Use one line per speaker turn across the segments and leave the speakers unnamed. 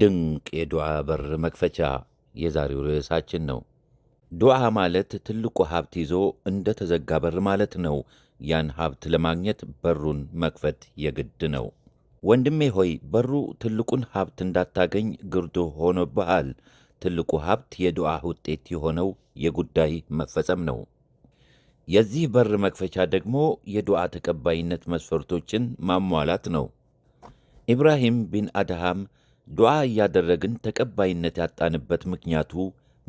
ድንቅ የዱዓ በር መክፈቻ የዛሬው ርዕሳችን ነው። ዱዓ ማለት ትልቁ ሀብት ይዞ እንደ ተዘጋ በር ማለት ነው። ያን ሀብት ለማግኘት በሩን መክፈት የግድ ነው። ወንድሜ ሆይ በሩ ትልቁን ሀብት እንዳታገኝ ግርዶ ሆኖብሃል። ትልቁ ሀብት የዱዓ ውጤት የሆነው የጉዳይ መፈጸም ነው። የዚህ በር መክፈቻ ደግሞ የዱዓ ተቀባይነት መስፈርቶችን ማሟላት ነው። ኢብራሂም ቢን አድሃም ዱዓ እያደረግን ተቀባይነት ያጣንበት ምክንያቱ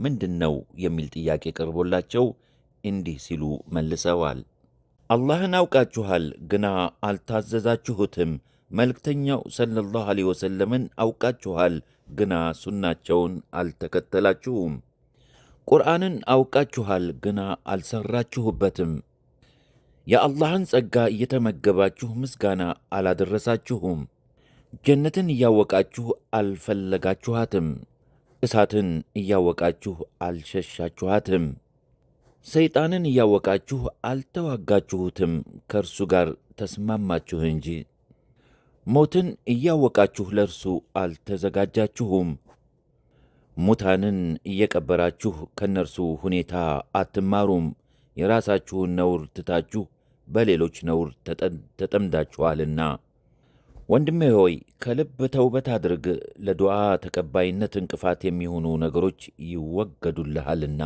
ምንድን ነው የሚል ጥያቄ ቀርቦላቸው እንዲህ ሲሉ መልሰዋል። አላህን አውቃችኋል፣ ግና አልታዘዛችሁትም። መልእክተኛው ሰለላሁ ዐለይሂ ወሰለምን አውቃችኋል፣ ግና ሱናቸውን አልተከተላችሁም። ቁርአንን አውቃችኋል፣ ግና አልሰራችሁበትም። የአላህን ጸጋ እየተመገባችሁ ምስጋና አላደረሳችሁም። ጀነትን እያወቃችሁ አልፈለጋችኋትም፣ እሳትን እያወቃችሁ አልሸሻችኋትም፣ ሰይጣንን እያወቃችሁ አልተዋጋችሁትም፣ ከእርሱ ጋር ተስማማችሁ እንጂ። ሞትን እያወቃችሁ ለእርሱ አልተዘጋጃችሁም። ሙታንን እየቀበራችሁ ከእነርሱ ሁኔታ አትማሩም፣ የራሳችሁን ነውር ትታችሁ በሌሎች ነውር ተጠምዳችኋልና። ወንድሜ ሆይ ከልብ ተውበት አድርግ፣ ለዱዓ ተቀባይነት እንቅፋት የሚሆኑ ነገሮች ይወገዱልሃልና።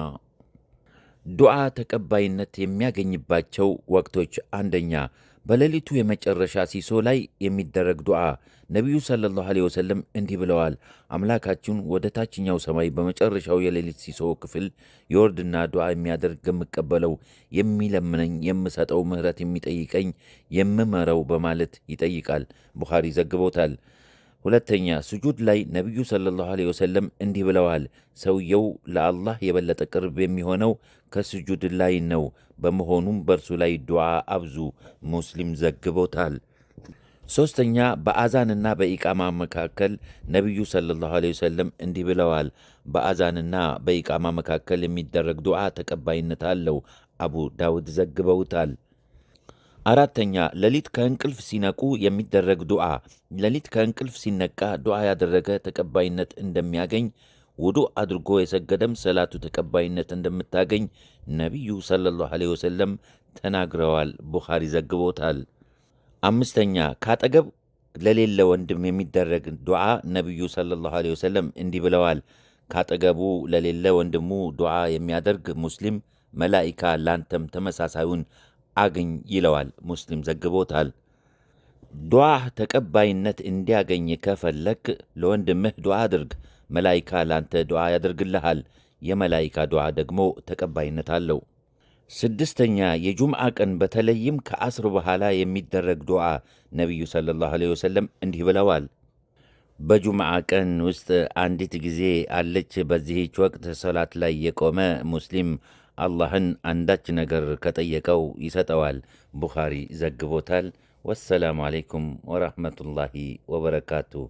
ዱዓ ተቀባይነት የሚያገኝባቸው ወቅቶች አንደኛ በሌሊቱ የመጨረሻ ሲሶ ላይ የሚደረግ ዱዓ ነቢዩ ሰለላሁ ዐለይሂ ወሰለም እንዲህ ብለዋል። አምላካችን ወደ ታችኛው ሰማይ በመጨረሻው የሌሊት ሲሶ ክፍል የወርድና ዱዓ የሚያደርግ የምቀበለው፣ የሚለምነኝ፣ የምሰጠው፣ ምህረት የሚጠይቀኝ፣ የምመረው በማለት ይጠይቃል። ቡኻሪ ዘግቦታል። ሁለተኛ ስጁድ ላይ ነቢዩ ሰለላሁ ዐለይሂ ወሰለም እንዲህ ብለዋል፣ ሰውየው ለአላህ የበለጠ ቅርብ የሚሆነው ከስጁድ ላይ ነው። በመሆኑም በእርሱ ላይ ዱዓ አብዙ። ሙስሊም ዘግቦታል። ሦስተኛ በአዛንና በኢቃማ መካከል ነቢዩ ሰለላሁ ዐለይሂ ወሰለም እንዲህ ብለዋል፣ በአዛንና በኢቃማ መካከል የሚደረግ ዱዓ ተቀባይነት አለው። አቡ ዳውድ ዘግበውታል። አራተኛ ሌሊት ከእንቅልፍ ሲነቁ የሚደረግ ዱዓ። ሌሊት ከእንቅልፍ ሲነቃ ዱዓ ያደረገ ተቀባይነት እንደሚያገኝ፣ ውዱእ አድርጎ የሰገደም ሰላቱ ተቀባይነት እንደምታገኝ ነቢዩ ሰለላሁ ዐለይሂ ወሰለም ተናግረዋል። ቡኻሪ ዘግቦታል። አምስተኛ ካጠገብ ለሌለ ወንድም የሚደረግ ዱዓ። ነቢዩ ሰለላሁ ዐለይሂ ወሰለም እንዲህ ብለዋል፣ ካጠገቡ ለሌለ ወንድሙ ዱዓ የሚያደርግ ሙስሊም መላኢካ ላንተም ተመሳሳዩን አግኝ ይለዋል። ሙስሊም ዘግቦታል። ዱዓህ ተቀባይነት እንዲያገኝ ከፈለክ ለወንድምህ ዱዓ አድርግ። መላይካ ላንተ ዱዓ ያደርግልሃል። የመላይካ ዱዓ ደግሞ ተቀባይነት አለው። ስድስተኛ የጁምዓ ቀን በተለይም ከአስር በኋላ የሚደረግ ዱዓ ነቢዩ ሰለላሁ ዐለይሂ ወሰለም እንዲህ ብለዋል። በጁምዓ ቀን ውስጥ አንዲት ጊዜ አለች። በዚህች ወቅት ሰላት ላይ የቆመ ሙስሊም አላህን አንዳች ነገር ከጠየቀው ይሰጠዋል። ቡኻሪ ዘግቦታል። ወሰላሙ አለይኩም ወራህመቱላሂ ወበረካቱሁ።